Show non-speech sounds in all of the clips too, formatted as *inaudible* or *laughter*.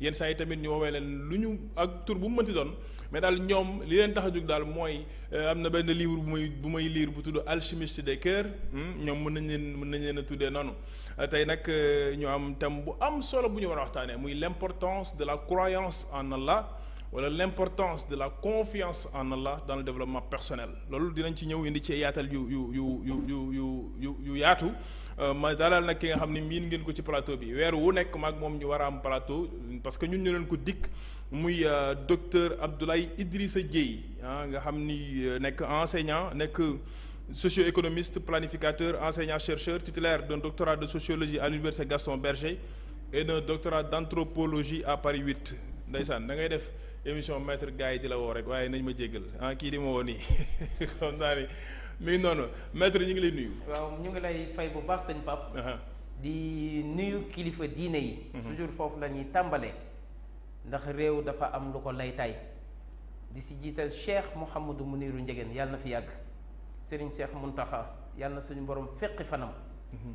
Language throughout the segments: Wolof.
yenn saa yi tamit ñu woowee leen lu ñu ak tur bu mu mënti doon mais daal ñoom li leen tax a jóg daal mooy euh, am na benn livre bu muy bu may lire bu tudd alchimiste de cœurs hmm? ñoom mën nañ leen mën nañ leen a tuddee noonu euh, tey nag euh, ñu am thème bu am solo bu ñu war a waxtaanee muy l'importance de la croyance en la wala l'importance de la confiance en Allah dans le développement personnel loolu dinañ ci ñëw indi ci yaatal yu yu yu yu yu yu yu yu yaatu euh, ma dalal nag ki nga xamni min ngeen ko ci plateau bi wéru wu nek mak mom ñu wara am plateau parce que ñun ñu leen ko dik muy euh, docteur Abdoulaye Idrissa Dieye ah, nga xamni euh, nek enseignant un socio-économiste planificateur enseignant chercheur titulaire d'un doctorat de sociologie à l'université Gaston Berger et d'un doctorat d'anthropologie à Paris 8 ndaysan da ngay def émision maître gars yi di la woo rek waaye nañ ma jéggal ah kii di ma woo nii *laughs* xam naa ni mi noonu maître ñu ngi lay nuyu. waaw ñu ngi lay fay bu baax sañ Pape. di nuyu kilifa diine yi. Mhm. toujours foofu la ñuy tàmbalee. ndax réew dafa am lu ko laytaay di si jiital cheikh Mouhamadou Mouniru Ndiéguène yàlla na fi yàgg Serigne Cheikh Mountakha yàlla suñu borom feqi fanam. Mhm.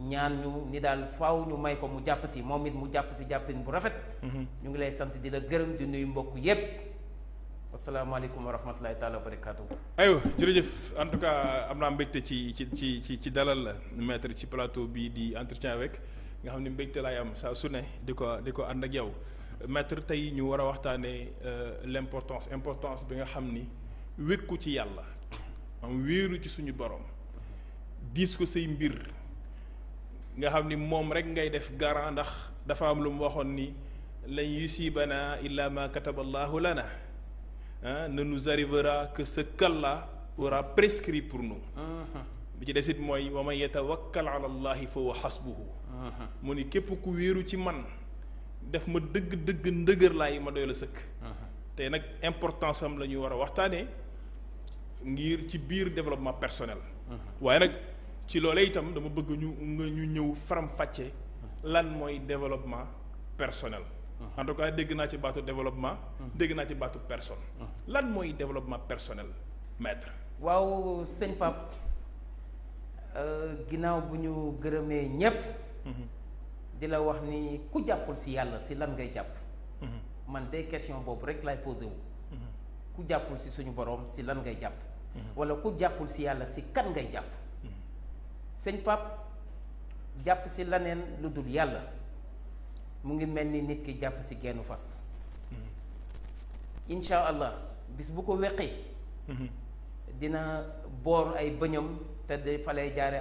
ñaan ñu ni daal faaw ñu may ko mu jàpp si moom it mu jàpp si jàppin bu rafet. Mhm. ñu ngi lay sant di la gërëm di nuyu mbokk yépp asalaamaaleykum wa rahmatulahi taala wa barakaatu. aywa jërëjëf en tout cas am naa mbégte ci ci ci ci ci dalal la maître ci plateau bii di entretien avec nga xam ne mbégte laay am saa su ne di ko di ko ànd ak yow maître tey ñu war a waxtaanee euh, l'importance importance bi nga xam ni wékku ci yàlla am wéeru ci suñu borom diis ko say mbir. nga xam ni moom rek ngay def garant ndax dafa am lu mu waxoon ni lan yusibana illa ma kataballahu lana ah ne que ce qu'Allah aura prescrit pour nous uh-huh. bi ci desit mooy wa man yatawakkal ala allahi fa uh-huh. mu ni képp ku wéeru ci man def ma dëgg-dëgg ndëgër laay ma doy la sëkk uh-huh. te nag importance sam la ñu war a waxtaanee ngir ci biir développement personnel waaye nag ci loolee itam dama bëgg ñu nga ñu ñëw faram-fàccee lan mooy développement personnel. Uh-huh. en tout dégg naa ci baatu développement. Uh-huh. dégg naa ci baatu personne. Uh-huh. lan mooy développement personnel maître. waaw sëñ Pape euh, ginnaaw bu ñu gërëmee ñépp di la wax ni ku jàppul si yàlla si lan ngay jàpp. man de question boobu rek lay posé wu. ku jàppul si suñu boroom si lan ngay jàpp. walla ku jàppul si yàlla si kan ngay jàpp. seigne pap japp ci lanen luddul yalla mu ngi melni nit ki japp ci genu fas mm-hmm. insha allah bis bu ko mm-hmm. dina bor ay bëñam te de fa lay jaare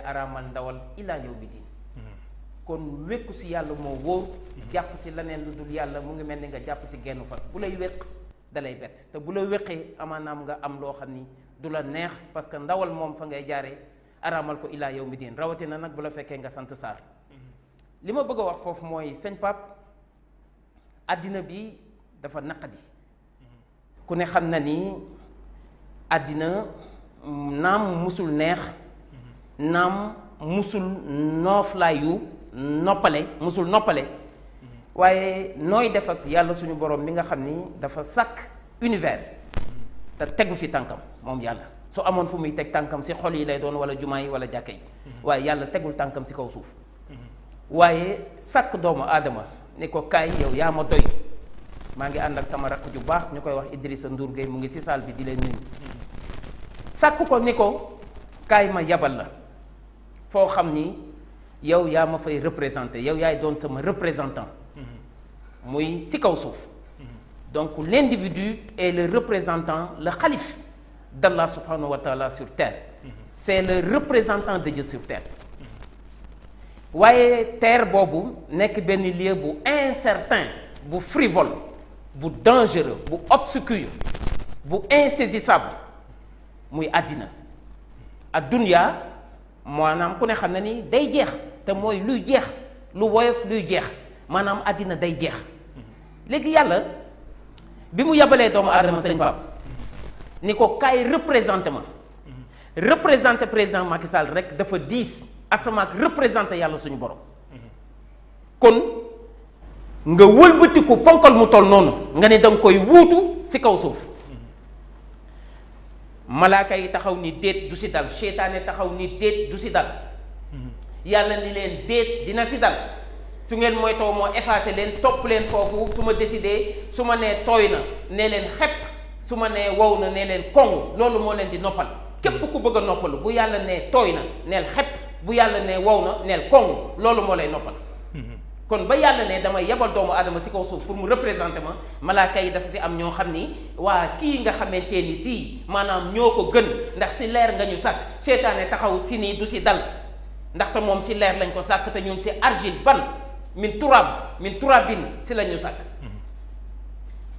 ndawal ila yow mm-hmm. kon wékku ci yalla mo wóor japp ci lanen luddul yalla mu ngi melni nga japp ci genu fas bu lay wéq dalay bet te bu la amana am nga am lo xamni dula neex parce que ndawal mom fa ngay araamal ko illaa yow mi diin rawatina nag bu la fekkee nga sant saar li ma bëgg a wax foofu mooy sëñ pap àddina bi dafa naqadi ku ne xam na ni àddina naam musul neex naam musul nooflaayu noppale musul noppale waaye nooy def yàlla suñu borom mi nga xam ni dafa sàkk univers te tegu fi tànkam moom yàlla So amoon fu tek tankam si xol yi lay doon wala wala mhm. way yalla tegul si kaw suuf waye sak doomu adama ne ko yow doy ngi sama ça ju baax ñukoy wax Idrissa Ndour mu ngi si sal bi di ko ko ma yabal la fo xamni yow fay representer yow yaay doon sama représentant mhm. muy si kaw suuf mhm. donc l'individu est le représentant le khalife d'Allah subhanahu wa ta'ala sur terre c'est le représentant de Dieu sur terre la terre est lieu incertain frivole bu dangereux bu obscur bu insaisissable C'est adina Adunya, je connais ne c'est ni day luy jeex luy jeex adina day jeex ya ni ko kay représenté ma représenté président Macky Sall rek dafa 10 asamaak représenté yalla suñu borom kon nga wëlbatiku ponkal mu toll noonu nga ne dang koy wuutu ci kaw suuf malaka yi taxaw ni deet du ci dal seytaane taxaw ni deet du ci dal yalla ni len deet dina ci dal su ngeen moy moo mo effacer len top len fofu suma décider suma né nee tooy na nee leen xepp su ma nee wow na nee leen koŋ loolu moo leen di noppal képp ku bëgg a noppalu bu yàlla nee tooy na neel xepp bu yàlla nee wow na neel koŋ loolu moo lay noppal mhm. kon ba yàlla ne damay yebal doomu aadama si kaw suuf pour mu représenté ma malaaka yi dafa si am ñoo xam ni waa kii nga xamante ni sii maanaam ñoo ko gën ndax si leer nga ñu sàkk seytaane taxaw si nii du si dal ndaxte moom si leer lañ ko sàkk te ñun si argile ban min turab min turabin si la ñu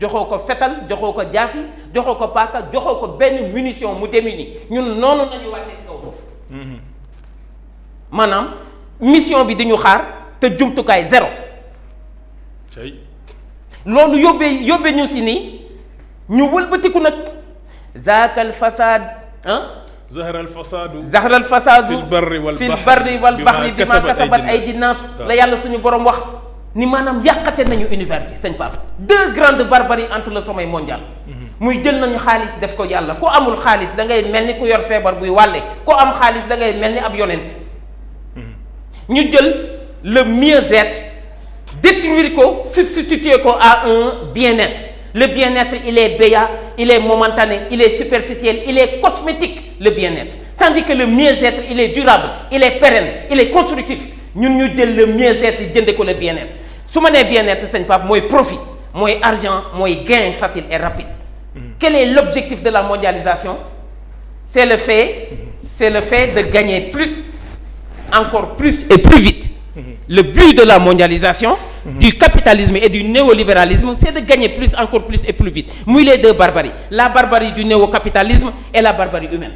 joxoo ko fetal joxoo ko jaasi joxoo ko paaka joxoo ko benn munition mu démuni ñun noonu nañu wàccee si kaw foofu mm-hmm. maanaam mission bi dañu xaar te jumtukaay zéro loolu yóbbee yóbbee ñu si nii ñu wëlbatiku nag zaakal fasaad ah zahral fasaadu zahral fasaadu fil barri wal baxri bima kasabat aydi naas la yàlla suñu borom wax ni manam nañu univers deux grandes barbaries entre le sommeil mondial. Mhm. muy jël nañu def ko amul da ngay yor buy am da ngay mhm. le mieux-être détruire ko substituer ko à un bien-être le bien-être il est béat il est momentané il est superficiel il est cosmétique le bien-être tandis que le mieux-être il est durable il est pérenne il est constructif. Nous nous le mieux-être et ko le bien-être su ma bien-être sëñ Pape mooy profit mooy argent gain facile et rapide. Mm-hmm. quel est l'objectif de la mondialisation c'est le fait mm-hmm. c'est le fait de gagner plus encore plus et plus vite mm-hmm. le but de la mondialisation du capitalisme et du néolibéralisme c'est de gagner plus encore plus et plus vite muy les deux barbaries la barbarie du néo-capitalisme et la barbarie humaine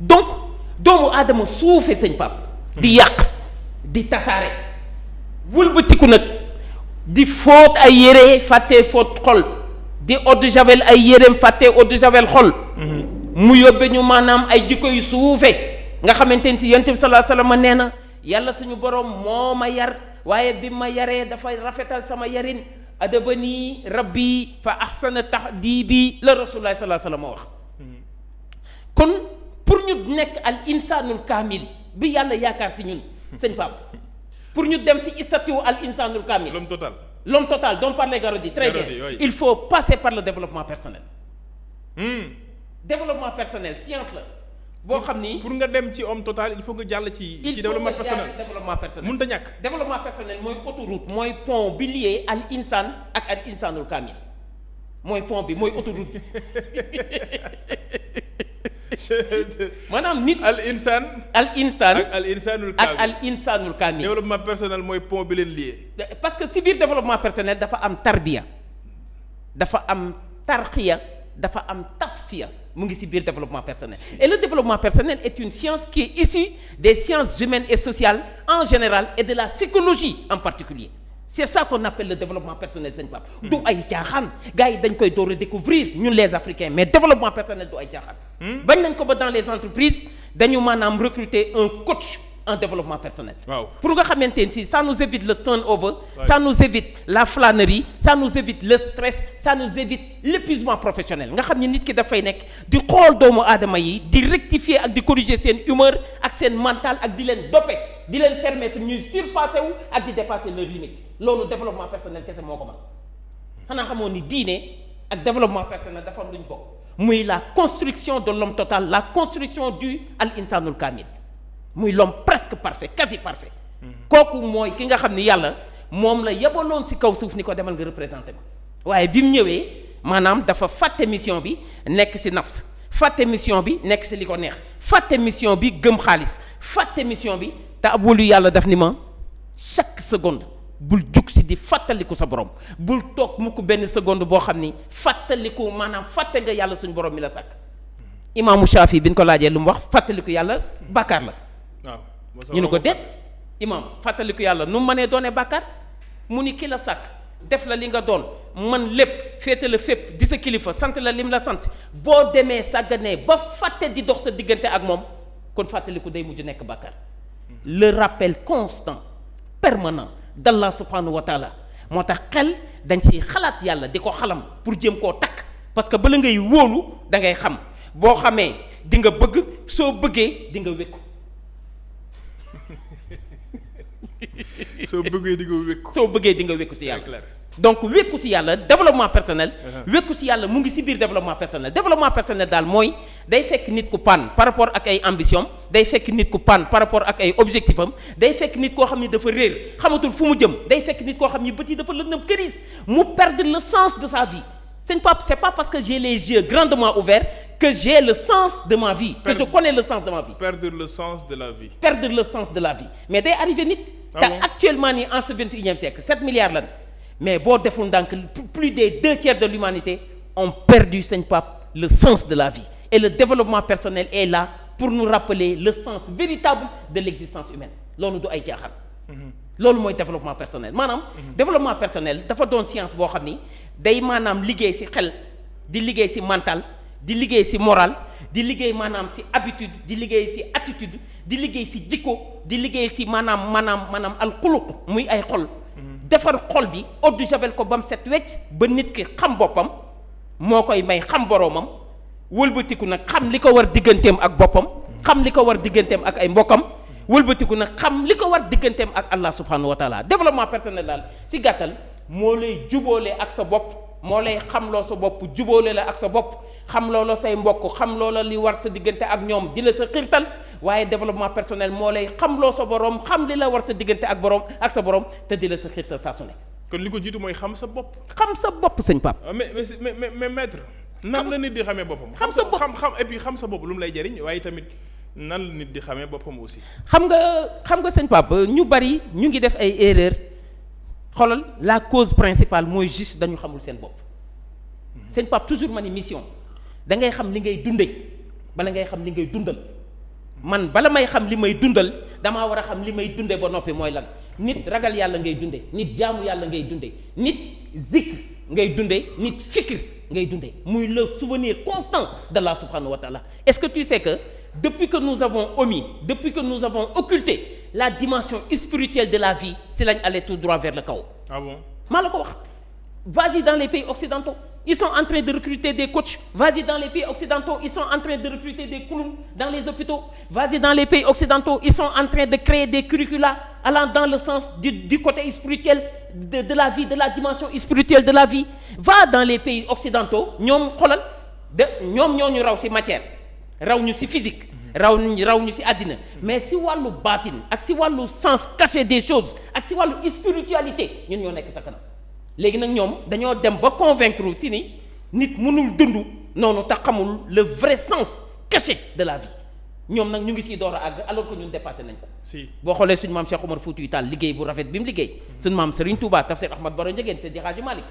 donc doomu sou suufee sëñ Pape di di tasaare wëlbatiku nag di fóot ay yére fàtte fóot xol di eau de javel ay yéreem fàtte eau de javel xol mm-hmm. mu yóbbe ñu maanaam ay jikko yu suufe nga xamante ni si yonent bi sallallahu alayhi wasallam nee na yàlla suñu borom moo ma yar waaye bi ma yaree dafay rafetal sama yarin adabani rabbi fa ahsana tahdibi la rasulullah sallallahu alayhi wasallam wax mm-hmm. kon pour ñu nekk al insanul kaamil bi yàlla yaakaar si ñun Seigne Pap. pour ñu dem ci istatiwu al insanul kamil. l'homme total l'homme total dont parlait Garodi très Garodi, bien oui. il faut passer par le développement personnel. Hmm. développement personnel science là. Bon xam ni pour nga dem ci homme total il faut nga jall ci. ci développement personnel développement personnel mënut développement personnel moy autoroute. moy pont bi lié al insan ak al insanul kamil Moy pont bi moy autoroute *laughs* *laughs* maanaam nit al insaan al insaan ak al insaanul kaamil ak al insaanul développement personnel mooy pont bi leen lié. parce que si biir développement personnel dafa am tarbiya dafa am tarqiya dafa am tasfiya mu ngi si biir développement personnel et le développement personnel est une science qui est issue des sciences humaines et sociales en général et de la psychologie en particulier c'est ça qu'on appelle le développement personnel c'est Pape du ay gars yi dañ koy nous les africains mais développement personnel doit ay caaxaan hmm? bañ est dans les entreprises nous recrute recruter un coach en développement personnel pour que vous compreniez, ça nous évite le turnover ça nous évite la flânerie ça nous évite le stress ça nous évite l'épuisement professionnel nga savez, les nit ki dafay nekk di rectifier et corriger sa humeur ak mental et di les dopé di permettre ñuy surpasser wu ak dépasser leurs limites le développement personnel kese moo ko man xanaa xamoon ni diine ak développement personnel dafa am lu ñu muy la construction de l'homme total la construction du al insanul kamil muy l'homme presque parfait quasi parfait mhm. Koku moy ki nga xamni ni mom la yebalon ci kaw suuf ni ko demal nga représenter ma waaye bi mu ñëwee dafa faté mission bi nek ci nafs faté mission bi nek ci liko neex faté mission bi gëm xaliss faté mission bi te ab wóolu yàlla daf ni ma chaque seconde bul jug si di fàttaliku sa borom bul toog mu ko benn seconde boo xam ni fàttaliku maanaam fàtte nga yàlla suñ borom mi la sàkk imaamu Shaafi bi ñu ko laajee lu mu wax fàttaliku yàlla bàkkaar la. waaw ne ko déet imaam fàttaliku yàlla nu mu mënee doonee bàkkaar mu ni ki la sàkk def la li nga doon man lépp féete fépp di sa kilifa sant la lim la sant boo demee sàgganee ba fàtte di dox sa diggante ak moom kon fàttaliku day mujj nekk bàkkaar. Mm-hmm. le rappel constant permanent d'Allah subhanahu wa taala xel pour jéem un tak parce que bala ngay vous da ngay xam bo xamee di nga bëgg so di nga *laughs* so di nga di nga donc le développement personnel. Uh-huh. le développement personnel développement personnel c'est mooy day fekk nit ku par rapport à ay ambition day fekk nit par rapport ak ay objectifs, les day fekk nit rire, xam ni dafa réer xamatul fu mu jëm day fekk nit koo xam ni dafa crise, perdre le sens de sa vie Ce n'est c'est pas parce que j'ai les yeux grandement ouverts que j'ai le sens de ma vie. que je connais le sens de ma vie. perdre le sens de la vie. perdre le sens de la vie mais day arrivé nit. Ah actuellement en ce 21 e siècle 7 milliards là mais boo deful donc, plus des deux tiers de l'humanité ont perdu sëñ Pape le sens de la vie et le développement personnel est là pour nous rappeler le sens véritable de l'existence humaine loolu du ay jaaxal mhm. loolu mooy développement personnel maanaam mhm. développement personnel dafa doon science boo xam day manam liguey ci xel di liguey ci mental di liguey ci moral di liguey manam ci habitude di liguey ci attitude di liguey ci jikko di liguey ci manam manam manam al khuluq muy ay xol defar xol bi eau de javel ko ba mu set wecc ba nit ki xam boppam moo koy may xam boroomam walbatiku nag xam li ko war digganteem ak boppam xam li ko war digganteem ak ay mbokkam wëlbatiku nag xam li ko war digganteem ak Allah subhanahu wa taala développement personnel daal si gàttal moo lay juboolee ak sa bopp مولاي خاملو سو بوب جوبول لا اك سا بوب خاملو لو ساي مبوك خاملو لا لي وار سا ديغنتي اك نيوم ديلا سا خيرتال واي ديفلوبمون بيرسونيل مولاي خاملو سو بروم خام لي لا وار سا ديغنتي اك بروم اك سا بروم تا ديلا سا خيرتال ساسوني كون ليكو جيتو موي خام سا بوب خام سا بوب سيغ باب مي مي مي ميتر نان لا نيت دي خامي بوبم خام سا بوب خام خام اي بي سا بوب لوم لاي جارين واي تاميت نان لا نيت دي خامي بوبم اوسي خام nga خام نيو باري نيو غي ديف اي ايرور xoolal la cause principale mooy juste dañu xamul sen bop. seen pap toujours ma ni mission da ngay xam li ngay dunde bala ngay xam li ngay dundal man bala may xam li may dundal Dama wara xam li may dunde ba noppi lan nit ragal yalla ngay dunde nit jaamu yalla ngay dunde nit zikr ngay dunde nit fikr ngay dunde muy le souvenir constant la subhanahu wa taala est-ce que tu sais que depuis que nous avons omis depuis que nous avons occulté la dimension spirituelle de la vie c'est aller tout droit vers le chaos. ah bon vas-y dans les pays occidentaux ils sont en train de recruter des coachs vas-y dans les pays occidentaux ils sont en train de recruter des clowns dans les hôpitaux vas-y dans les pays occidentaux ils sont en train de créer des curricula allant dans le sens du, côté spirituel de, la vie de la dimension spirituelle de la vie va dans les pays occidentaux nous, xoolal de ñu matière nous ñu physique raw ñu raw ñu si mais si walu batin, ak si walu sens caché des choses ak si walu spiritualité ñun ñoo nek sa kanam légui nak ñom dañoo dem ba convaincre si ni nit mënul dund nonu ta xamul le vrai sens caché de la vie ñom nak ñu ngi ci door ag alors que ñun dépassé nañ ko. si boo xoolee suñu maam Cheikh Omar Foutiyou Tall liggéey bu rafet bi mu liggéey. suñu mam Serigne Touba Tafsir Ahmad Baro Ndiéguène Seydi Hadji Malick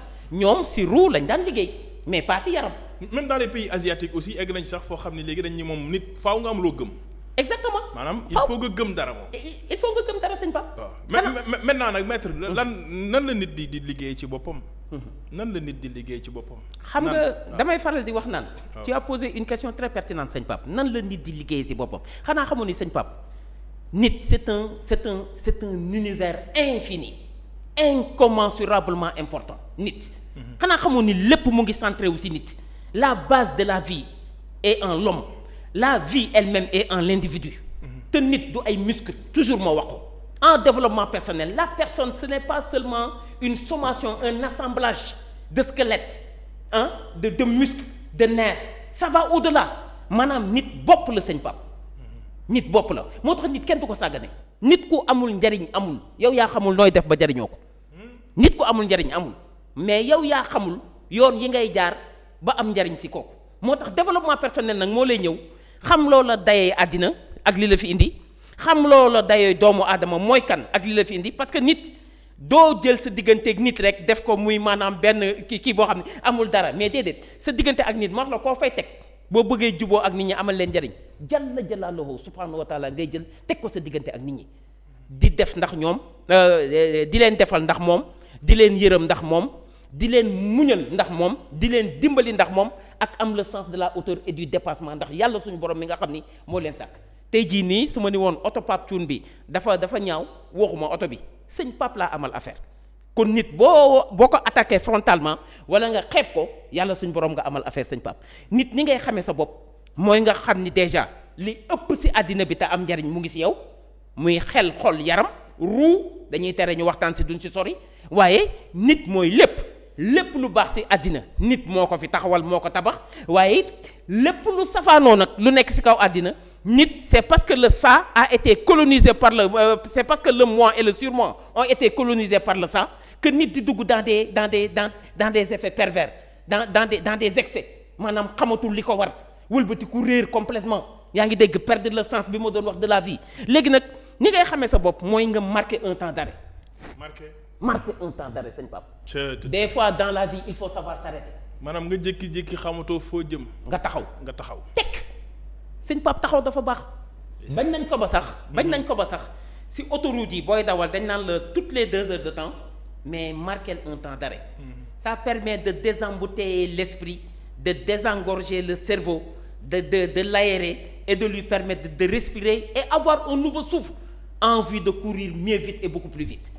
si ruu lañ dan liggéey mais pas si yaram même dans les pays asiatiques aussi egg sax fo xamni légui dañ ni mom nit faaw nga am lo gëm. exactement manam il faut que gëm dara moom. il faut que gëm dara sëñ pap maintenant nak maître lan nan la nit di di liggéey ci boppam. Mhm. nan la nit di liggéey ci bopam xam nga damay faral di wax nan tu as posé une question très pertinente sëñ pap nan la nit di liggéey ci bopam xana xamoon ni pap nit c'est un c'est un c'est un univers infini incommensurablement important nit. Mhm. xana xamoon lepp mo ngi centré wu ci nit. La base de la vie est en l'homme. La vie elle-même est en l'individu. Mhm. te nit du ay muscles, toujours moi. en développement personnel la personne ce n'est pas seulement une sommation un assemblage de squelettes. Hein, de muscles de nerfs ça va au-delà maanaam nit bopp la sëñ Pape mhm. nit bop la moo tax nit kenn du ko gagne. nit ko amul njariñ amul yow ya xamul noy def ba jariñoo ko hmm? nit ko amul amul mais yow ya xamul yone yi ngay jaar ba am njariñ ci kooku motax développement personnel nak mo lay ñew xam loolu dayé adina ak li la fi indi xam loolu dayee doomu adama moy kan ak li la fi indi parce que nit do jël sa digënté ak nit rek def ko muy manam ben ki, kii boo amul dara mais déedéet sa digënté ak nit ma la ko fay tek bo bëggee juboo ak nit ñi amal leen njariñ jalla jalaluhu subhanahu wa taala ngay jël tek ko sa digënté ak nit ñi di def ndax ñoom euh, di leen defal ndax moom di leen yërëm ndax moom di leen muñal ndax moom di leen dimbali ndax moom ak am la sens de la hauteur et du dépassement ndax yàlla suñu borom mi nga xam ni moo leen sàkk tey jii nii su ma ni woon oto Pape Thioune bi dafa dafa ñaaw waxuma oto bi sëñ Pape laa amal affaire kon nit boo boo ko attaqué frontalement wala nga xeeb ko yàlla suñ borom nga amal affaire sëñ Pape nit ni ngay xamee sa bopp mooy nga xam ni déjà li ëpp si àddina bi te am njariñ mu ngi si yow muy xel xol yaram ruu dañuy tere ñu waxtaan si duñ si sori waaye nit mooy lépp. lepp lu bax ci adina nit moko fi taxawal moko tabax waye lepp lu safano nak lu nek ci kaw adina nit c'est parce que le ça a été colonisé par le euh, c'est parce que le moi et le surmoi ont été colonisés par le ça que nit di dugg dans des dans des dans dans des effets pervers dans dans des dans des excès manam xamatul liko ko war wëlbatiku courir complètement yaa ngi dégg perdre le sens bi ma wax de la vie légui nak ni ngay xamé sa bop moy nga marquer un temps d'arrêt marquer marquer un temps d'arrêt sëñ Pape. des fois dans la vie il faut savoir s'arrêter. maanaam nga jékki-jékki xamatoo foo jëm. nga taxaw nga taxaw tekk sëñ Pape taxaw dafa baax. bañ nañ ko ba sax. Mm-hmm. bañ nañ ko ba sax si autoroute yi booy dawal dañ naan la toutes les deux heures de temps mais marquer un temps d'arrêt. Mm-hmm. ça permet de désembouteiller l'esprit de désengorger le cerveau de de de l'aérer et de lui permettre de respirer et avoir un nouveau souffle en vue de courir mieux vite et beaucoup plus vite.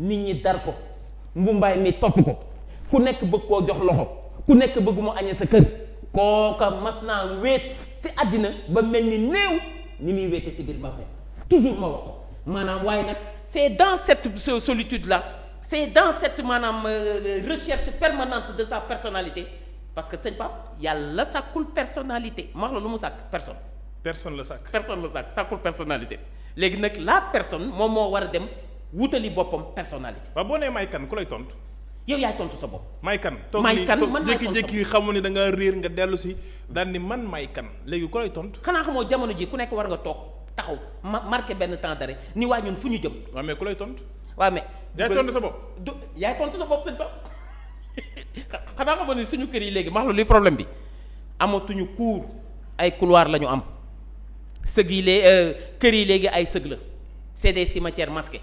nit ñi dar ko mbumbaay mi topp ko ku nekk bëgg koo jox loxo ku nekk bëgg mu añee sa kër kooka mas naa wéet si àddina ba mel ni néew ni muy wéete si biir bàmmeel toujours ma wax ko maanaam waaye c'est dans cette solitude là c'est dans cette maanaam euh, euh, recherche permanente de sa personnalité parce que sëñ Pape yàlla sàkkul personnalité ma wax la lu mu personne. personne la sàkk personne la sàkk sàkkul personnalité léegi nag la personne moom moo war dem. wutali boppam personnalité. waaw boo nee may kan ku lay tontu. yow yaay tontu sa bopp. may kan may kan man maay tontu jékki-jékki xamu ne da nga réer nga dellu si daal ni man may kan léegi ku lay tontu. xanaa xamoo jamono ji ku nekk war nga toog taxaw ma marqué benn temps d'arrêt ni fu ñu jëm. mais ku lay tontu. waaw mais. yaay tontu sa bopp. du yaay tontu sa bopp sëñ ba xanaa xamoon ni suñu kër yi léegi max la luy problème bi amatuñu cour ay couloir la am sëg yi lee euh, kër yi léegi ay sëg la c'est des cimetières masqués.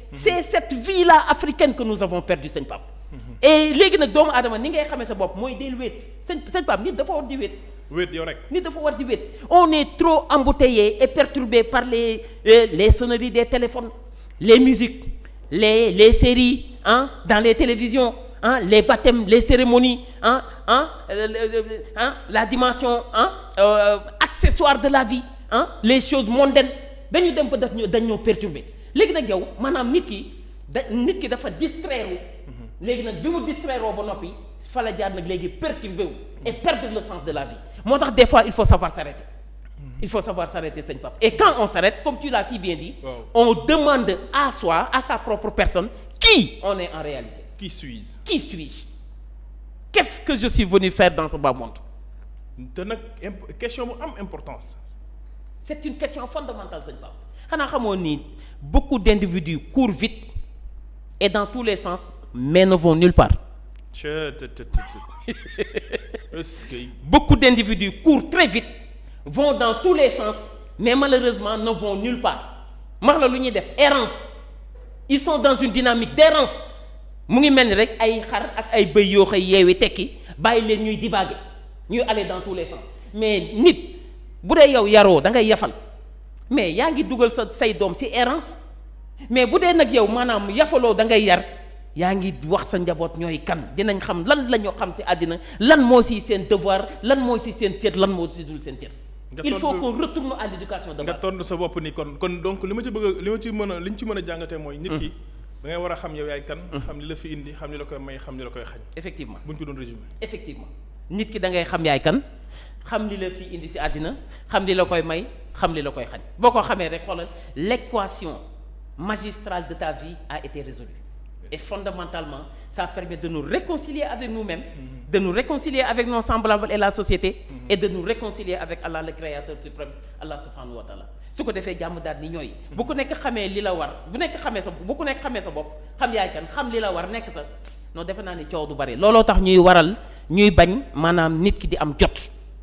c'est cette vie là africaine que nous avons perdue saint Pape. et les nag doomu aadama ni ngay xamee sa bopp mooy del wéet saint sëñ Pape dafa war di on est trop embouteillé et perturbé par les eh, les sonneries des téléphones les musiques les les séries hein dans les télévisions hein les baptêmes les cérémonies hein hein, euh, hein la dimension hein euh, accessoire de la vie hein les choses mondaines Nous sommes ba léegi nak yow manam nit ki nit ki dafa distraire mhm. léegi nag bi distraire bo nopi fa la jaar nak légui perturbé et perdre le sens de la vie Motax des fois il faut savoir s'arrêter mhm. il faut savoir s'arrêter Seigne Pape et quand on s'arrête comme tu l'as si bien dit on demande à soi à sa propre personne qui on est en réalité qui suis-je qui suis-je qu'est-ce que je suis venu faire dans ce bas monde C'est une question importante. c'est une question fondamentale sëñ xanaa xamoon beaucoup d'individus courent vite et dans tous les sens mais ne vont nulle part. *laughs* beaucoup d'individus courent très vite vont dans tous les sens mais malheureusement ne vont nulle part max la def errance ils sont dans une dynamique d'errance mu ngi rek ay xar ak ay beuy yo xey yewi teki, bàyyi len ñuy divaguer ñuy aller dans tous les sens mais nit boudé yow yaro da ngay yafal mais yaa dougal sa say dom ci errance mais boudé nak yow manam yafaloo da ngay yar yaa wax sa njabot ñoy kan dinañ xam lan lañu xam ci adina lan moo si seen devoir lan moo si seen cër lan moo si dul sen tiet il faut qu'on retourne à l'éducation de base. nga tontu sa bopp ni kon kon donc li ci bëgg li ci mëna liñ ci mëna jangaté moy nit ki mm. da ngay wara xam yow yaay kan. Mm. xam li la fi indi xam li la koy may xam li la koy xañ. effectivement buñ ko doon résumer effectivement nit ki da ngay xam yaay kan xam li la fi indi si adina, xam li la koy may xam li la koy xañ boko xamé rek xoolal l'équation magistrale de ta vie a été résolue et fondamentalement ça permet de nous réconcilier avec nous-mêmes de nous réconcilier avec nos semblables et la société et de nous réconcilier avec Allah le créateur suprême Allah subhanahu wa taala su ko defee jàmm daal ni ñoy bu ko nek xamé li la war bu nek xamé sa bu ko nek xamé sa bop xam yaay kan xam li la war nek sa non defé na ni ciow du bari lolo tax ñuy waral ñuy bañ manam nit ki di am jot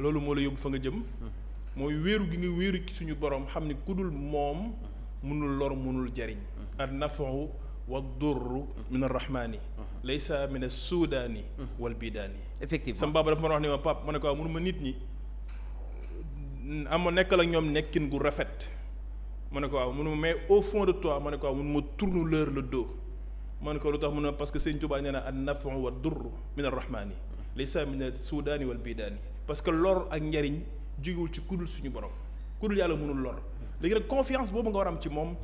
loolu moo la yóbbu fa nga jëm mooy wéeru gi nga wéeru ci suñu borom xam ni ku dul moom mënul lor mënul jariñ an nafahu wa durru min arrahmaani laysa min assudaani wal bidaani effectivement sama baaba dafa ma wax ni ma pap ma ne ko mënuma nit ñi ama nekkal ak ñoom nekkin gu rafet ma ne ko waaw mënuma mais au fond de toi ma ne ko waaw mënuma tourne leur le dos ma ne ko lu tax mën na parce que Sëñ Tuubaa nee na an nafahu wa durru min arrahmaani laysa min assudaani wal bidaani parce que lor ak njariñ jógewul ci kudul suñu borom kudul yàlla mënul lor léegi nag confiance boobu nga war ci moom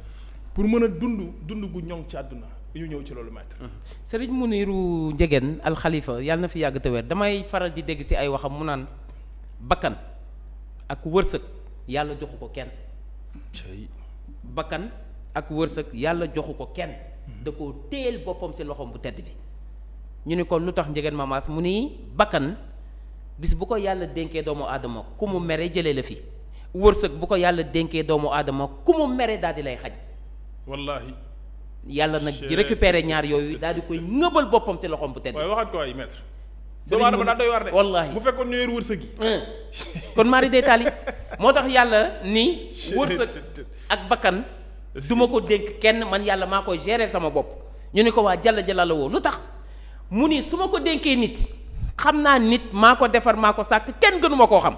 pour mën a dund dund gu ñoŋ ci àdduna ñu ñëw ci loolu maître. Mm-hmm. Serigne Mounirou Ndiéguène Al alxalifa yàlla na fi yàgg te wér damay faral di dégg si ay waxam mu naan bakkan ak wërsëg yàlla joxu ko kenn. bakkan ak wërsëg yàlla joxu ko kenn. da koo téel boppam si loxoom bu tedd bi. ñu ni kon lu tax Ndiéguène Mamas mu ni bakkan. bis bu ko yàlla dénkee doomu aadama ku mu mere jëlee la fi wërsëg bu ko yàlla dénkee doomu aadama ku mu mere daal di lay xañ wallaahi yàlla nag di récupérer ñaar yooyu daal di koy ngëbal boppam si loxoom bu tedd waaye waxaat ko ay maître doomu aadama war de wallaahi bu fekkoon ne yor wërsëg yi kon maari day taali moo tax yàlla ni wërsëg ak bakkan su ma ko dénk kenn man yàlla maa koy gérer sama bopp ñu ni ko waa jalla jalla la woo lu tax mu ni su ma ko dénkee nit xamna nit mako ko defar maa ko sàkk kenn gënu xam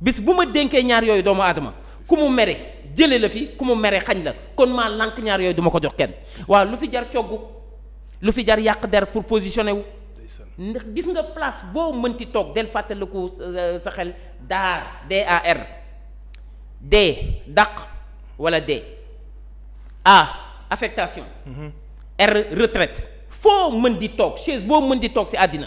bis bu ma ñaar yoy doomu adama. Kumu méré mere la fi kumu méré xagn la kon ma lank ñaar yoy du ma ko jox kenn wa lu fi jar ciogu lu fi jar der pour positionner wu ndax gis nga place bo mënti tok del ko sa xel dar d dak wala d a affectation mhm. r retraite fo mën di tok chaise bo mën di tok ci adina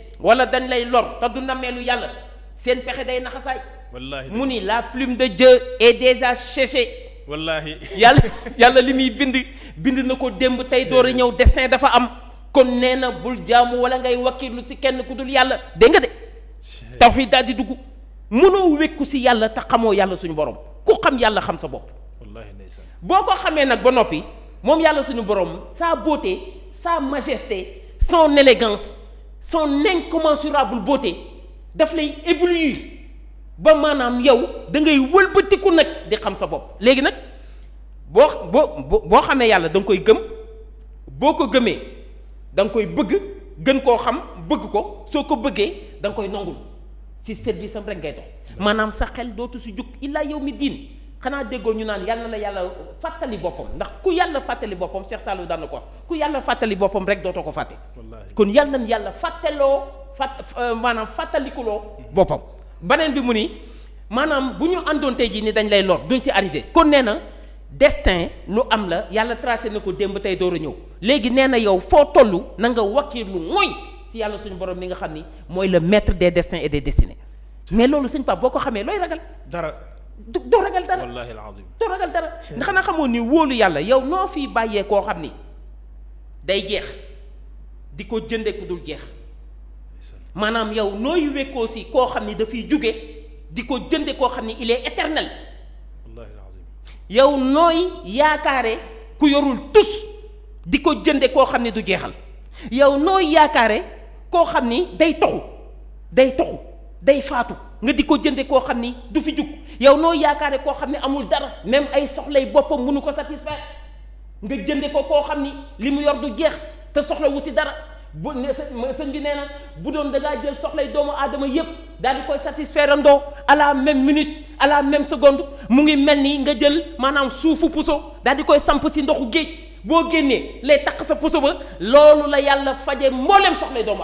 wala dañ lay lor ta du nammeelu yalla sen pexe day naxay wallahi mu la plume de Dieu est déjà séchée. Wallahi. yalla yalla limi bind bind nako demb tay door destin dafa am kon nee na bul jaamu wala ngay lu ci kenn ku dul denga nga de. tawxiid daal di duggu mënoo wékku si yàlla te xamoo yàlla suñu borom ku xam yàlla xam sa bopp. wallahi ndeysaan boo ko xamee nag ba noppi moom yàlla suñu borom sa beauté sa majesté son élégance. son incommensurable beauté daf lay éblouir ba maanaam yow dangay ngay nag di xam sa bopp léegi nag boo boo boo xamee yàlla danga koy gëm boo ko gëmee da nga koy bëgg gën koo xam bëgg ko soo ko bëggee da koy nongul si service am rek ngay dox maanaam sa xel dootu si jug illaa yow mi diin kana déggoo ñu naan yalla na yalla fatali boppam ndax ku yalla fatali Cheikh ko ku yalla fatali boppam rek doto ko faté kon yalla na yalla fàttaloo manam euh, maanaam fàttalikuloo boppam bi mu ni maanaam bu ñu fait ni dañ lay lor duñ si arrivé kon néna destin lu am la yalla tracé na ko tay a néna na yow fo tollu na nga lu moy si yalla suñu borom mi nga xamni le maître des destins et des destinées mais lolu señ pas boko xamé loy ragal dara doo ragal dara wallaahi alazim doo ragal dara ndax xanaa xamoon ni wóolu yàlla yow noo fii bàyyee koo xam ni day jeex di ko jënde ku dul jeex maanaam yow nooy wekkoo si koo xam ni dafiy jóge di ko jënde koo xam ni il est éternel wallaahi alazim yow nooy yaakaare ku yorul tus di ko jënde koo xam ni du jeexal yow nooy yaakaare koo xam ni day toxu day toxu day faatu nga di ko jënde ko xamni du fi juk yow no yaakaare ko xamni amul dara même ay soxlay bopam ko satisfaire nga ko yor du jeex te wu le dara bu bi bu doon da nga jël soxlay doomu aadama yépp daal di koy à la même minute à la même seconde mu ngi mel nga jël maanaam suufu puso daal di koy samp si ndoxu géej boo génnee lay takk sa puso ba loolu la faje soxlay doomu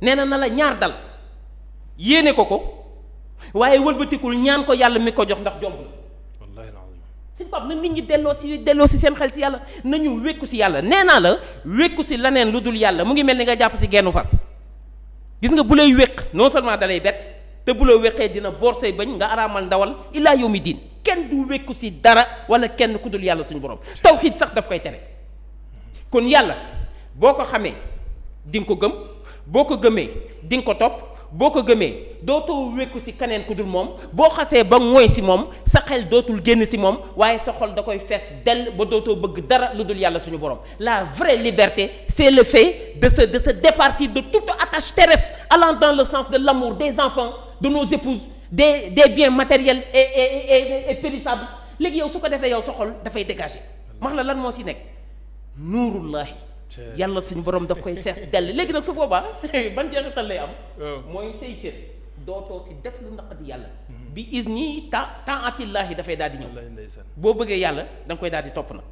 nee na na la ñaar dal yéene ko ko waaye wëlbatikul ñaan ko yàlla mi ko jox ndax jomb la si Pape na nit ñi delloo si delloo si seen xel si yàlla nañu wékku si yàlla nee naa la wékku si laneen lu dul yàlla mu ngi mel ni nga jàpp si gennu fas gis nga bu lay wékk non seulement dalay bett te bu la wékkee dina boor say bañ nga araamal ndawal illaa yawmi diin kenn du wékku si dara wala kenn ku dul yàlla suñu borom tawxiid sax daf koy tere kon yàlla boo ko xamee di ko gëm boko ko ding ko top boko ko doto wéku ci keneen ku dul moom boo xasee ba ngoy ci mom sa xel dootul génn ci mom waaye sa xol da koy fees ba doto bëgg dara lu yalla suñu borom la vraie liberté c'est le fait de se de se départir de toute attache terrestre allant dans le sens de l'amour des enfants de nos épouses des des biens matériels et et et, et périssables léegi yow su ko defee yow sa xol fay dégager. max la lan mo ci nek nuurullahi yàlla suñ borom daf koy fees dell léegi nag su boobaa *laughs* ban jeexital lay am. Oh. mooy say cër dootoo si def lu naqadi yàlla. Mm-hmm. bi is ñii ta taatillaahi dafay daal di ñëw. boo bëggee yàlla danga koy daal di topp nag.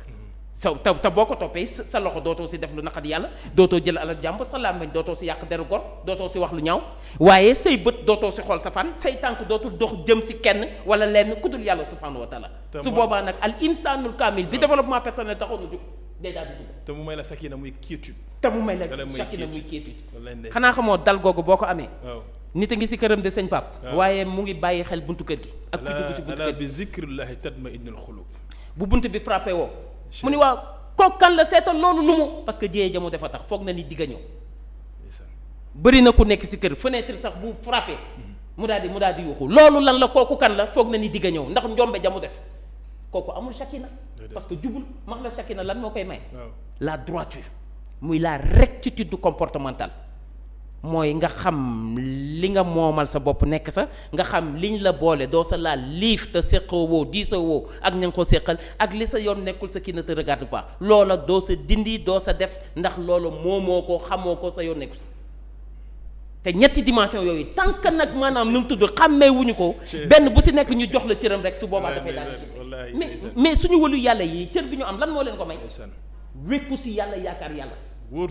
saw taw te boo ko toppee sa loxo dootoo si def lu naqat yàlla dootoo jël alal jàmb sa làmmiñ dootoo si yàq deru gor dootoo si wax lu ñaaw waaye say bët dootoo si xool sa fan say tànk dootul dox jëm si kenn wala lenn ku yàlla subhanahu wa taala su boobaa nag al insanul kaamil bi développement personnel taxoon na jóg day daal di dugg te mu may la sakina muy quiétude te mu may la sakina muy quiétude xanaa xamoo dal googu boo ko nit a ngi si de sëñ Pape waaye mu ngi bàyyi xel buntu kër gi ak ku buntu kër bi zikrillahi tatma innul bu bunt bi frappé woo mu ni waaw kokkan la seetal loolu numu parce que jiyee jamu dafa tax foog na ni digga ñëw bëri na ko nek ci kër fenêtre sax bu frapper. mu dadi mu dadi di lolu lan la kooku kan la foog na ni digga ñëw ndax ndombe jamu def kooku amul shakina parce que djubul max la shakina lan moo koy may la droiture muy la rectitude comportementale mooy nga xam li nga moomal sa bopp nekk sa nga xam liñ la boole doo sa laal liif te séqoo woo diisoo ak ña nga ko séqal ak li sa yoon nekkul sa kii na te regarde pas loola doo sa dindi doo sa def ndax loola moomoo ko xamoo ko sa yoon nekkul si te ñetti dimension yooyu tant que nag maanaam nu mu tudd xàmmee wuñu ko benn bu si nekk ñu jox la cëram rek su boobaa dafay daal di mais mais suñu wëlu yàlla yi cër bi ñu am lan moo leen ko may wékku si yàlla yaakaar yàlla wóor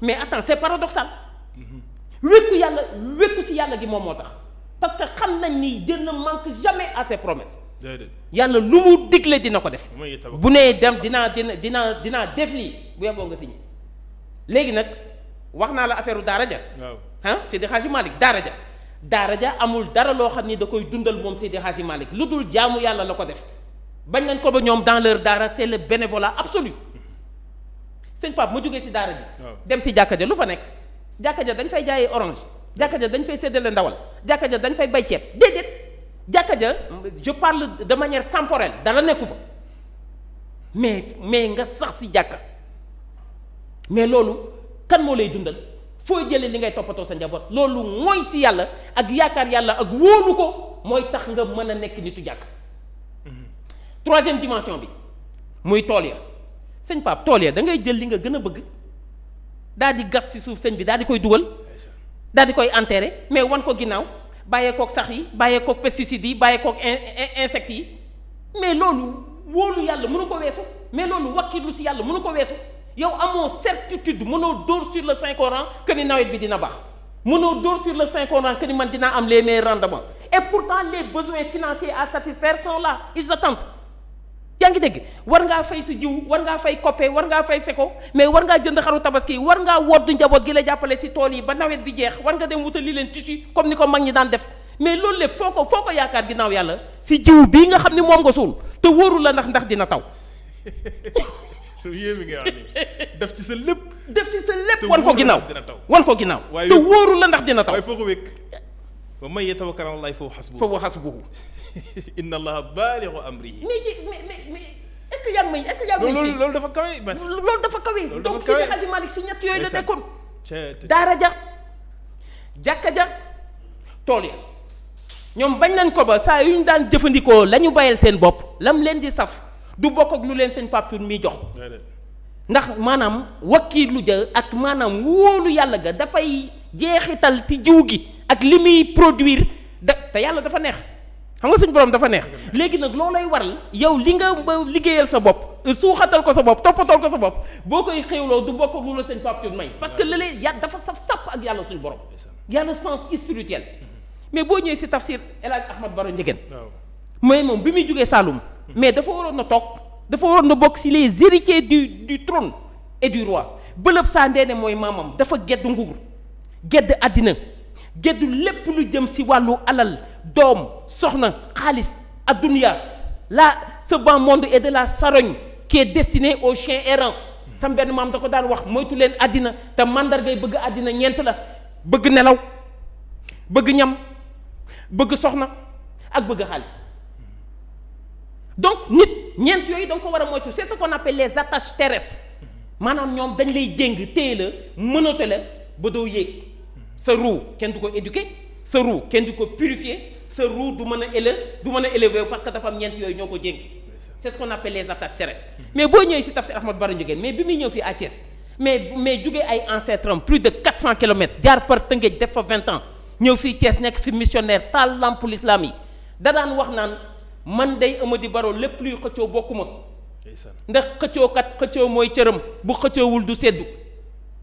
mais attends c'est paradoxal parce que Dieu ne manque jamais à ses promesses il lu mu le dina ko def bu nee dem vous dina dit def avez bu que nga signé dit que vous la que vous avez dit amul dara ni dundal que vous avez dit que dans leur c'est le bénévolat absolu sëñ Pape ma jógee ci daara ji. dem ci jàkka ja lu fa nek jàkka ja dañ fay jaay orange jàkka ja dañ fay séddale ndawal jàkka ja dañ fay bay ceeb déedéet jàkka ja je parle de manière temporelle dara nekku fa mais mais nga sax ci jakka mais lolu kan mo lay dundal foo jëlee li ngay topato sa njabot lolu moy ci yalla ak yaakar yalla ak wóolu ko mooy tax nga mëna nek nitu jàkka mhm. troisième dimension bi muy tol ya seigne Pape tolé da ngay jël li nga gëna bëgg dal di gas ci souf seigne bi dal di koy duggal dal di koy enterrer mais wan ko ginnaaw bàyyeekook sax yi bàyyeekook pesticides yi bàyyeekook insectes yi mais lolu wolu yalla mënu ko weesu mais loolu lu ci yalla mënu ko weesu yow amo certitude mëno dor sur le Saint Coran que ni nawet bi dina baax mëno dor sur le Saint Coran que ni man dina am les meilleurs rendements et pourtant les besoins financiers à satisfaire sont là ils attendent yaa ngi dégg war ngaa fay si jiw war ngaa fay koppe war ngaa fay seko mais war ngaa jënd xaru tabaski war ngaa wodd njaboot gi la jàppale si tool yi ba nawet bi jeex war nga dem li leen tissu comme ni ko mag ñi daan def mais loolu lépp foo ko foo ko yaakaar ginnaaw yàlla si jiw bii nga xam ni moom nga suul te wóoru la ndax ndax dina taw. *laughs* yéemi nga wax def ci sa lépp. def ci sa lépp wan ko ginnaaw wan ko ginnaaw. te wóoru la ndax dina taw waaye ko wékk. wa man yatawakkal ala llaahi fa huwa hasbuh. fa huwa hasbuh. *laughs* in allaha baaligu amrihi. mais ji mais mais est ce que yaa ngi may est ce que yaa ngi may loolu dafa kawe. loolu dafa kawe donc Seydi Hadji Malick si ñett yooyu la nekkoon. daara ja jàkka ja tool ya ñoom bañ nañ ko ba saa yu ñu daan jëfandikoo la ñu bayal seen bopp lam leen di saf du bokk ak lu leen seen paptur mi jox. ndax maanaam lu jël ak maanaam wóolu yàlla ga dafay jeexital si jiw gi ak li muy produire da te yàlla dafa neex. xam nga suñu borom dafa neex léegi nag loo waral yow li nga liggéeyal sa bopp suuxatal ko sa bopp toppatool ko sa bopp boo koy xéwloo du bokk lu la seen may parce que la lay dafa saf sàpp ak yàlla suñu borom yàlla sens spirituel mm-hmm. mais boo ñëwee si tafsir El Ahmad Baro mais moom bi muy jógee Saloum mm-hmm. mais dafa waroon na toog dafa waroon na si les héritiers du du trône et du roi bëlëb saa ndeene mooy maamam dafa gedd nguur gedd àddina geddu lepp lu jëm ci walu alal dom soxna xaalis adduniya la ce bon monde est de la sarogne qui est destiné aux chiens errants sam ben mam da ko daan wax moytu len adina te màndargay bëgg adina ñent la bëgg nelaw bëgg ñam bëgg soxna ak bëgg khalis donc nit ñent yoy da ko wara moytu c'est ce qu'on appelle les attaches terrestres manam ñom dañ lay jéng téye la mënate la ce ruu kenn du ko éduquer sa ruu est du ko purifier sa ruu du mën a élève du élever parce que dafa am ñeent yooyu ñoo ko c'est ce qu'on appelle les attaches terrestres mais boo ñëwee si fait Ahmad Bara Ndiogène mais bi muy ñëw fii fait Thiès mais mais jugee ay ancêtre plus de 400 km jaar par Tëngéej def fa 20 ans ñëw fii Thiès nekk fi missionnaire taal lampul islam yi da daan wax naan man day Amady Baro lépp luy xëccoo bokkuma ndax kat xëccoo moy cëram bu wul du seddu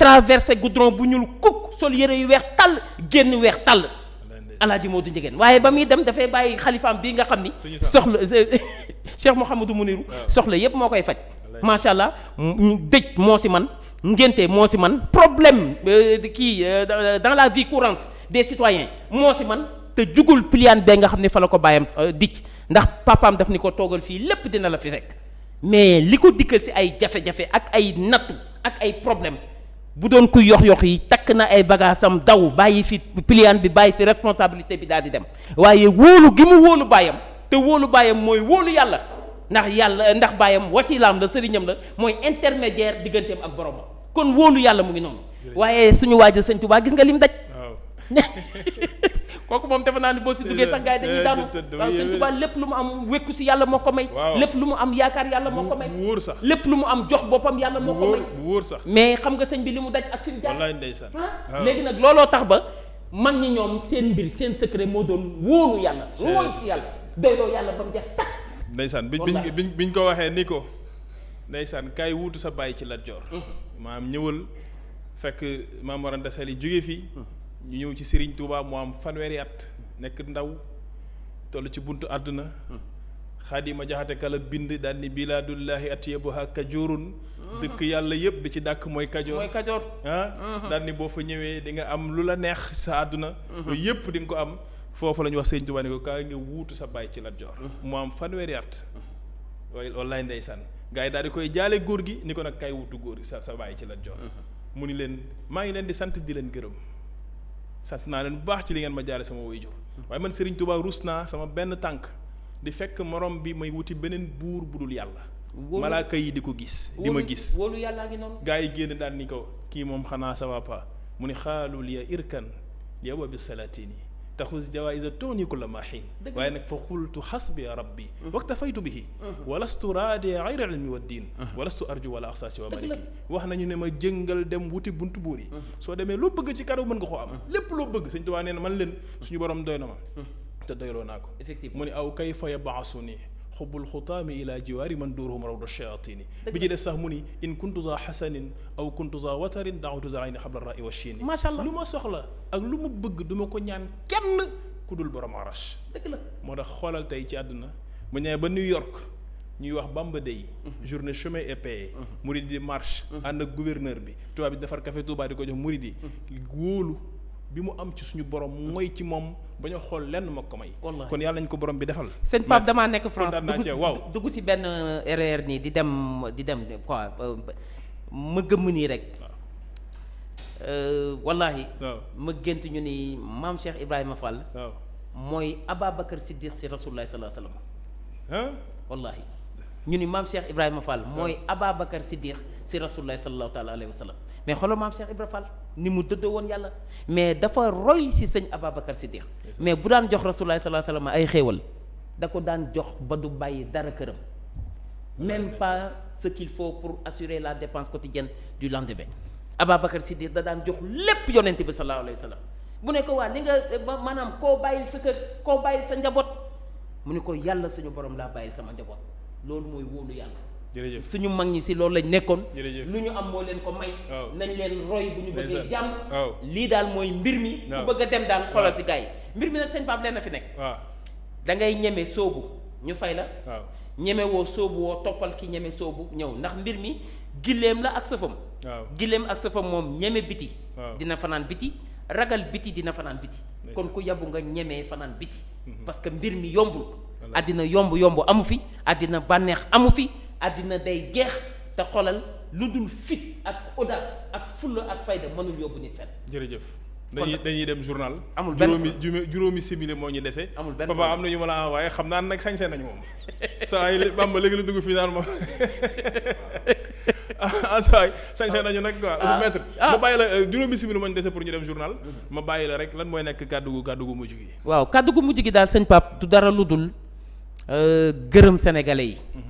Traverser goudron bu ñuul kukk sol yére yu tal. tàll génn weex tàll alaaji Modou Ndiéguène waaye ba muy dem dafay bàyyi xalifaam bi nga xamni ni *laughs* soxla *laughs* Cheikh Mouhamadou Mouniru soxla yépp mo koy fajj machallah allah dëj moo si man ngenté mo si man problème euh, kii euh, dans la vie courante des citoyens mo si man te jugul pliane bee nga xam fa la ko bayam euh, dicc ndax papam daf ni ko togal fi lepp dina la fi rek mais liko dikkel ci ay jafé jafé ak ay nattu ak ay problème bu doon ku yox yox yi takk na ay bagaasam daw bàyyi fi pliant bi bàyyi fi responsabilité bi daal di dem waaye wóolu gi mu wóolu bàyyam te wóolu bàyyam mooy wóolu yàlla ndax yàlla ndax bàyyam wasilaam la sëriñam la mooy intermédiaire digganteem ak boromam kon wóolu yàlla mu ngi noonu waaye suñu waaj sëntu baa gis nga lim daj *laughs* kooku moom defe naa ni boo si duggee sax gars yi dañuy daanu waaw sëñ Tuubaa lépp lu mu am wékku si yàlla moo ko may lépp lu mu am yaakaar yàlla moo ko may wóor sax lépp lu mu am jox boppam yàlla moo ko may bu wóor sax mais xam nga sëñ bi li mu daj ak fi mu jaar wallaay ndeysaan léegi nag looloo tax ba mag ñi ñoom seen mbir seen secret moo doon wóolu yàlla mooy si yàlla doyloo yàlla ba mu jeex takk ndeysaan bi biñ biñ ko waxee ni ko ndeysaan kaay wuutu sa bàyyi ci Lat Joor mm-hmm. maam ñëwal fekk maam Mor Anta Sali fii mm-hmm. ñu ñëw ci Serigne Touba mu am fanweeri at nekk ndaw toll ci buntu àdduna xaadima jaxate kala bind bii daal ni bilaadullahi atyabuha kajorun dëkk yàlla yëpp di ci dàkk mooy kajoor mooy kajoor ah? uh-huh. boo fa ñëwee di nga am lu la neex sa àdduna uh-huh. yooyu yëpp di nga ko am foofu la ñu wax Serigne Touba ni ko kaa nga wuutu sa baay ci Lat Joor uh-huh. mu am fanweeri at waaye wallaay ndeysaan gars yi daal di koy jaale góor gi ni ko nag kay wutu góor gi sa sa baay ci Lat Joor mu ni leen maa ngi leen di sant di leen gërëm sant naa leen bu baax ci li ngeen ma jaare sama waajur waaye man Serigne Touba ruus naa sama benn tànk di fekk morom bi may wuti beneen buur bu dul yàlla. malaaka yi di ko gis. di ma gis wóolu yàllaa ngi noonu. gaa yi génn daal ni ko kii moom xanaa ça va mu ni xaalul ya irkan yow bi salatini تاخذ جوائز الدنيا كل ما حين وانك فقلت حسبي يا ربي واكتفيت به ولست راد غير العلم والدين ولست ارجو ولا اخصى سوى ملكي واخنا ني نما جنجال دم ووتي بنت بوري سو دمي لو بغي سي كارو من غو ام لب لو بغي سنتو وانين من لين سني بروم دوينا ما تا دويلو نako effectivement موني او كيف يبعثني حب الخطام الى جوار من دورهم روض الشياطين بيجي السهمني ان كنت ذا حسن او كنت ذا وتر دعوت ذا عين حبل الراي والشين ما شاء الله لما سخلا اك لما بغ دوما كو نيان كين كودول بروم عرش دك لا مودا خولال تاي تي ادنا ما نيا با نيويورك ñuy wax bamba day journée chemin épais mouride di marche and ak gouverneur bi tubaab bi defar café touba di bi mu am ci suñu borom mooy ci moom bañ a xool lenn ma ko may. kon yàlla nañ ko borom bi defal. seen Pape damaa nekk France dugg dugg si benn RER nii di dem di dem quoi ma gëmm nii rek. Euh, wallahi ma gént ñu ni maam Cheikh Ibrahima Fall. mooy Ababacar Siddiq si Rasulullah sallallahu alayhi wasallam. wallahi ñu ni maam Cheikh Ibrahima Fall mooy Ababacar Siddiq si Rasulullah sallallahu taala alayhi wasallam mais xoolal maam Cheikh Ibra Fall ni mu dëddoo woon yàlla mais dafa roy si sëñ Ababacar Siddiq mais bu daan jox Rasulullah sallallahu alayhi wa ay xéewal da ko daan jox ba du bàyyi dara këram même pas sa qu'il faut pour assurer la dépense quotidienne du lendemain Ababacar Siddiq da daan jox lépp yonent bi sallallahu alayhi wa sallam bu ne ko waa li nga maanaam koo bàyyil sa kër koo bàyyil sa njaboot mu ne ko yàlla suñu borom laa bàyyil sama njaboot loolu mooy wóolu yàlla jërëjëf suñu mag ñi si loolu lañ nekkoon. lu ñu am moo leen ko may. nañ leen roy bu ñu bëggee jàmm. lii daal mooy mbir mi. bu bëgg a dem daal xoolal si gars mbir mi nag sëñ Pape leen fi nekk. waaw da ngay ñeme soobu ñu fay la. waaw ñeme woo soobu woo toppal ki ñeme soobu ñëw ndax mbir mi gileem la ak sëfam. waaw gileem ak sëfam moom ñeme biti. dina fanaan biti ragal biti dina fanaan biti. kon ku yabu nga ñemee fanaan biti. Mhm. parce que mbir mi yombu àddina yomb yomb amu fi àddina bànneex amu fi àddina day geex te xolal lu dul fit ak audace ak fulla ak fayda mënul yóbbu nit fenn jërëjëf dañuy dañuy dem journal amul benn juróomi juróomi simili moo ñu dese amul benn am na ñu ma la envoyé xam naa nag sañse nañu moom *laughs* saa yi bamba léegi la dugg fii naan moom *laughs* ah, ah saa yi sañse ah. nag quoi ah. maître ma bàyyi la euh, juróomi simili moo ñu dese pour ñu dem journal ma bàyyi la rek lan mooy nekk kàddu gu kàddu gu mujj gi waaw kàddu gu mujj gi daal sëñ Pape du dara lu dul euh, gërëm sénégalais yi mhm.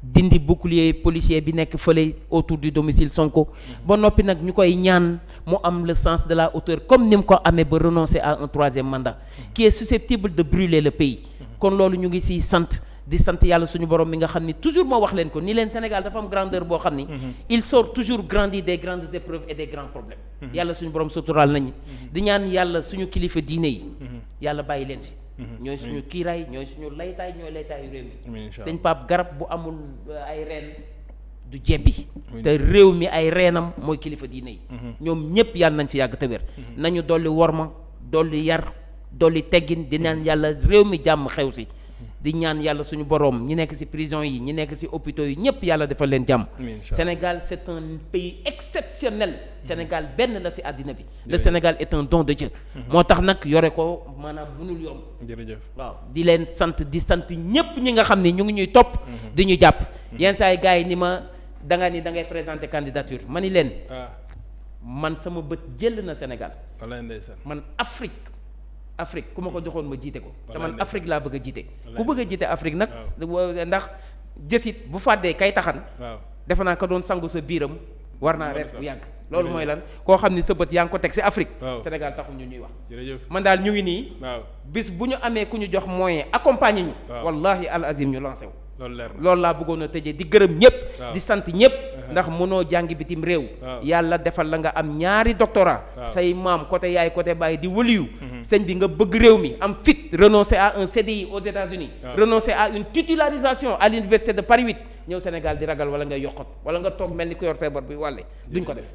dindi bouclier policier bi nek feulé autour du domicile Sonko ba nopi nak ñukoy ñaan mu am le sens de la hauteur comme nim ko amé ba renoncer à un troisième mandat qui est susceptible de brûler le pays kon lolu ñu ngi ci sante di sante yalla suñu borom mi nga xamni toujours moi wax leen ko ni leen Sénégal dafa am grandeur bo mhm. il sort toujours grandi des grandes épreuves et des grands problèmes mhm. yalla suñu borom sotural nañ mhm. di ñaan yalla suñu kilifa diiné yi yalla bàyyi leen fi Mm-hmm. ñooy suñu kiiraay ñooy suñu laytaay ñooy laytaayu réew mi sëñ Pape garab bu amul euh, ay reen du jebbi te réew mi ay reenam mooy kilifa diine yi mm-hmm. ñoom ñépp yàlla nañ fi yàgg te wér mm-hmm. nañu dolli worma dolli yar dolli teggin di naan yàlla réew mi jàmm xew si di ñaan yàlla suñu boroom ñi nekk ci prison yi ñi nekk ci hôpitaux yi ñëpp yàlla defal leen jàmm Sénégal c'est un pays exceptionnel mhm. Sénégal benn la ci àddina bi le Sénégal est un don de Dieu mhm. moo tax nag yore ko maanaam mënul yomb jërëjëf waaw di leen sant di sant ñëpp ñi nga xam ni ñu ngi ñuy topp mhm. di ñu jàpp yenn saa yi gars yi ni ma da nga ni da ngay présenter candidature ma ni leen ah. man sama bët jël na Sénégal man Afrique Afrique ku ma ko joxoon ma jiite ko te man Afrique laa bëgg a jiite ku bëgg a jiite Afrique nag ndax jësit bu fàddee kay taxan defe ko doon sangu sa biiram war naa rees bu yàgg loolu mooy lan koo xam ni sa bët yaa ngi ko teg si Afrique Sénégal taxu ñu ñuy wax man daal ñu ngi nii bis bu ñu amee ku ñu jox moyen accompagner ñu wallahi al azim ñu lancé wu loolu laa bëggoon a di gërëm ñëpp di sant ñëpp ndax mënoo jàngi bitim réew yàlla defal la nga am ñaari doctorat say maam côté yaay côté bàyyi di wëliyu mhm. sëñ bi nga bëgg réew mi am fit renoncer à un CDI aux États-Unis renoncer à une titularisation à l'université de Paris 8 ñëw Sénégal di ragal wala nga yokkot wala nga toog mel ni ku yor feebar bi wàlle duñ ko def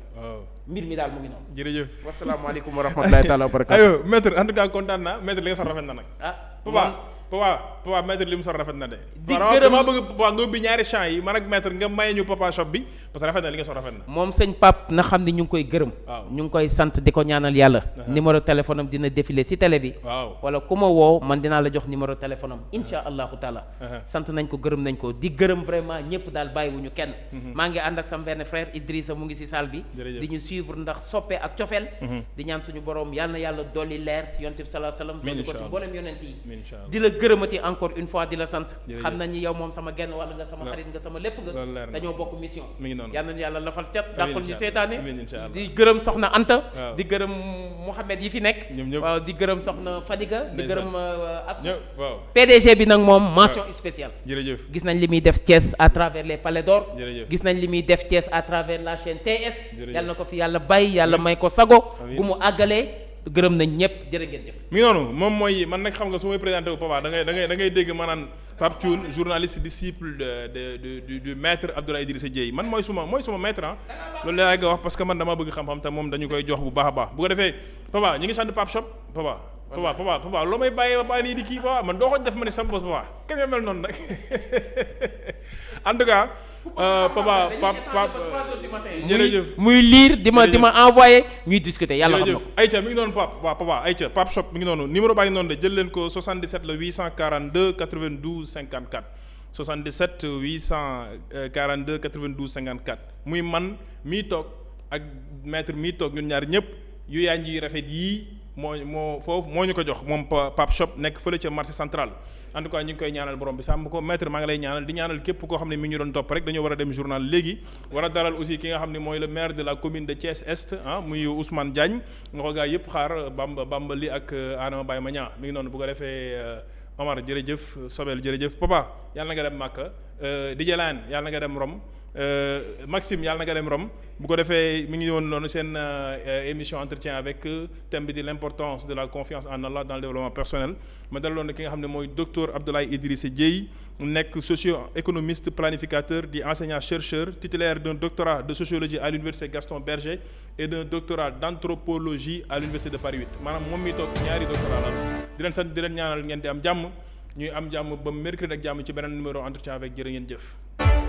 mbir mi daal mu ngi noonu jërëjëf wasalaamaaleykum wa rahmatulahi taala wa barakatu ayo maître en kontaan naa maître li nga sax rafet na nag ah, papa papa papa maître li mu sol rafet na de. di gërëm maa bëgg papa nga ubbi ñaari champs yi man ak maître nga may ñu papa shop bi parce que rafet na li nga sol rafet na. moom sëñ Pape na xam ni ñu ngi koy gërëm. ñu ngi koy sant di ko ñaanal yàlla. numéro téléphone am dina défilé si télé bi. waaw ku ma woo man dinaa la jox numéro téléphone am incha allahu taala. sant nañ ko gërëm nañ ko di gërëm vraiment ñëpp daal bàyyiwuñu kenn. Mhm. maa ngi ànd ak sama benn frère Idrissa gërëmati encore une fois di la sant xam nañu yow mom sama genn wàll nga sama xarit nga sama lepp nga dañoo bokk mission yalla nañu yàlla lafal cat dàqul ñu seetaane di gërëm soxna Anta di gërëm Mouhamed yi fi nekk waaw di gërëm soxna Fadiga di gërëm euh, as PDG bi nak mom mention spéciale gis nañ limi def ties à travers les Palais d'Or gis nañ limi def ties à travers la chaîne TS yal na ko fi yalla bàyyi yalla may ko sago gu mu gërëm nañ ñëpp jërë ngeen jëf. mi noonu moom mooy man nag xam nga su may présenté wu Papa da ngay da ngay da ngay dégg maanaam Pape Thioune journaliste disciple de de du du maître Abdoulaye Idrissa Dieye man mooy suma mooy suma ah. loolu laa nga wax parce man dama bëgg xam-xam te moom dañu koy jox bu baax a baax bu defee Papa ñu ngi sant Pape Shop Papa. Papa Papa Papa may bàyyee Papa nii di kii Papa man doo ko def ma ne sam bopp Papa kañ mel noonu nag *laughs* jërëjëf muy lire di ma di ma envoyé ñuy discuter yàlla xam na ko ayca mi ngi noonu pap waaw papa ayca pap shop mi ngi noonu numéro baa ngi noonu de jël leen ko 77 la 842 92 54 77 842 92 54 muy man mii toog ak maître mii toog ñun ñaar ñëpp yu yaa ngi rafet yii moo moo foofu moo ñu ko jox moom Pape Shop nekk fële ca marché central en tout cas ñu ngi koy ñaanal borom bi sàmm ko maître maa ngi lay ñaanal di ñaanal képp koo xam ne mi ñu doon topp rek dañoo war a dem journal léegi war a dalal aussi ki nga xam ne mooy le maire de la commune de Thiès Est ah muy Ousmane Diagne nga ko gaa yëpp xaar Bamba Bamba li ak euh, Adama ma Magnan mi ngi noonu bu ko defee euh, Omar jërëjëf Sobel jëf papa yàlla na nga dem màkk euh, di Jalaan yàlla nga dem Rome Euh, Maxime yalla nga dem Rome bu ko defé mi euh, émission entretien avec euh, thème bi di de la confiance en Allah dans le développement personnel ma dalaloon ki nga xamné docteur Abdoulaye Idrissé Dieye nek socio-économiste planificateur di enseignant chercheur titulaire d'un doctorat de sociologie à l'université Gaston Berger et d'un doctorat d'anthropologie à l'université de Paris 8 manam mom mi tok ñaari doctorat la di len sant di len ñaanal ngeen di am jamm ñuy am jamm ba mercredi ak jamm ci numéro entretien avec jërë ngeen jëf